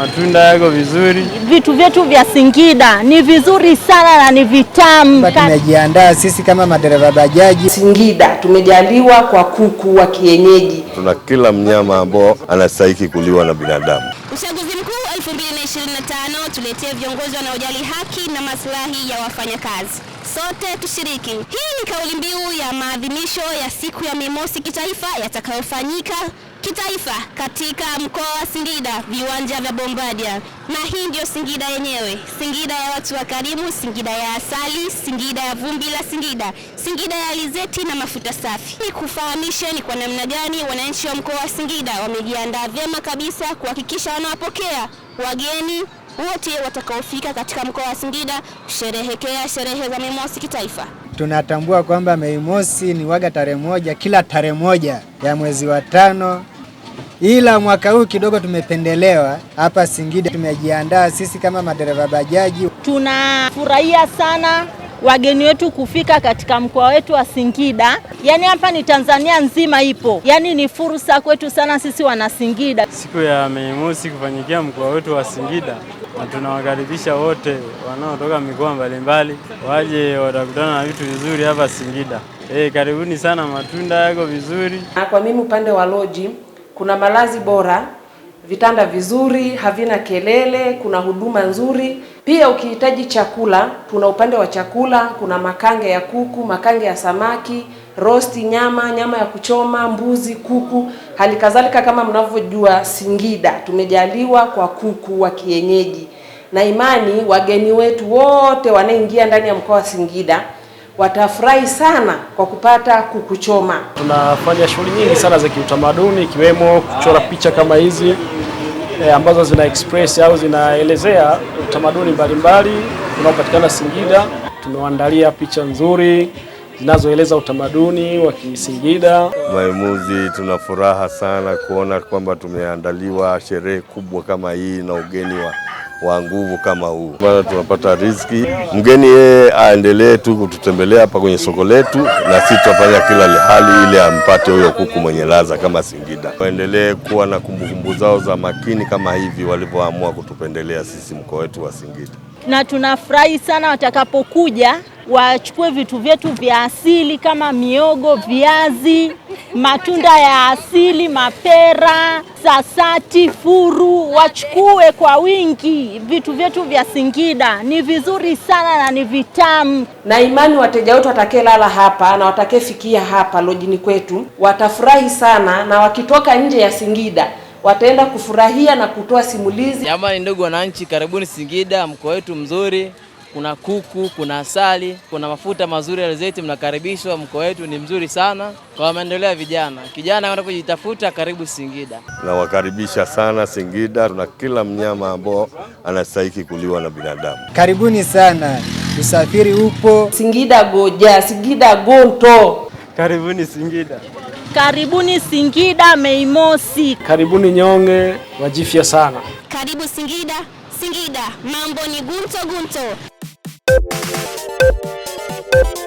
Matunda yako vizuri, vitu vyetu vya Singida ni vizuri sana na ni vitamu. Tumejiandaa sisi kama madereva bajaji. Singida tumejaliwa kwa kuku wa kienyeji, tuna kila mnyama ambao anastahili kuliwa na binadamu. Uchaguzi mkuu 2025 tuletee viongozi wanaojali haki na maslahi ya wafanyakazi. Sote tushiriki. Hii ni kauli mbiu ya maadhimisho ya siku ya Mei Mosi kitaifa yatakayofanyika kitaifa katika mkoa wa Singida, viwanja vya Bombadia. Na hii ndiyo Singida yenyewe, Singida ya watu wa karimu Singida ya asali, Singida ya vumbi la Singida, Singida ya alizeti na mafuta safi. hii kufahamisha ni kwa namna gani wananchi wa mkoa wa Singida wamejiandaa vyema kabisa kuhakikisha wanawapokea wageni wote watakaofika katika mkoa wa Singida kusherehekea sherehe za Mei Mosi kitaifa. Tunatambua kwamba Mei Mosi ni waga tarehe moja kila tarehe moja ya mwezi wa tano, ila mwaka huu kidogo tumependelewa hapa Singida. Tumejiandaa sisi kama madereva bajaji, tunafurahia sana wageni wetu kufika katika mkoa wetu wa Singida. Yaani hapa ni Tanzania nzima ipo, yaani ni fursa kwetu sana sisi wana Singida. Siku ya Mei Mosi kufanyikia mkoa wetu wa Singida, na tunawakaribisha wote wanaotoka mikoa mbalimbali waje, watakutana na vitu vizuri hapa Singida. Hey, eh, karibuni sana, matunda yako vizuri. Kwa mimi upande wa loji kuna malazi bora vitanda vizuri, havina kelele, kuna huduma nzuri. Pia ukihitaji chakula, kuna upande wa chakula, kuna makange ya kuku, makange ya samaki, rosti nyama, nyama ya kuchoma, mbuzi, kuku. Hali kadhalika kama mnavyojua, Singida tumejaliwa kwa kuku wa kienyeji, na imani wageni wetu wote wanaingia ndani ya mkoa wa Singida watafurahi sana kwa kupata kuku choma. Tunafanya shughuli nyingi sana za kiutamaduni ikiwemo kuchora picha kama hizi e, ambazo zina express au zinaelezea utamaduni mbalimbali unaopatikana Singida. Tumewaandalia picha nzuri zinazoeleza utamaduni wa Kisingida. Maimuzi, tuna furaha sana kuona kwamba tumeandaliwa sherehe kubwa kama hii na ugeni wa wa nguvu kama huu, Bado tunapata riziki. Mgeni yeye aendelee tu kututembelea hapa kwenye soko letu, na sisi tutafanya kila hali ili ampate huyo kuku mwenye laza kama Singida. Waendelee kuwa na kumbukumbu zao za makini kama hivi walivyoamua kutupendelea sisi mkoa wetu wa Singida, na tunafurahi sana watakapokuja wachukue vitu vyetu vya asili kama miogo, viazi, matunda ya asili, mapera, sasati, furu, wachukue kwa wingi vitu vyetu vya Singida. Ni vizuri sana na ni vitamu, na imani wateja wetu watakelala hapa na watakefikia hapa lojini kwetu watafurahi sana, na wakitoka nje ya Singida wataenda kufurahia na kutoa simulizi. Jamani ndugu wananchi, karibuni Singida, mkoa wetu mzuri kuna kuku, kuna asali, kuna mafuta mazuri ya alizeti. Mnakaribishwa, mkoa wetu ni mzuri sana kwa maendeleo ya vijana. Kijana anataka kujitafuta, karibu Singida. Nawakaribisha sana Singida, tuna kila mnyama ambao anastahiki kuliwa na binadamu. Karibuni sana, usafiri upo Singida. Goja Singida, gonto. Karibuni Singida. Karibuni Singida Mei Mosi. Karibuni nyonge, wajifya sana. Karibu Singida. Singida, mambo ni gunto gunto. Thank you.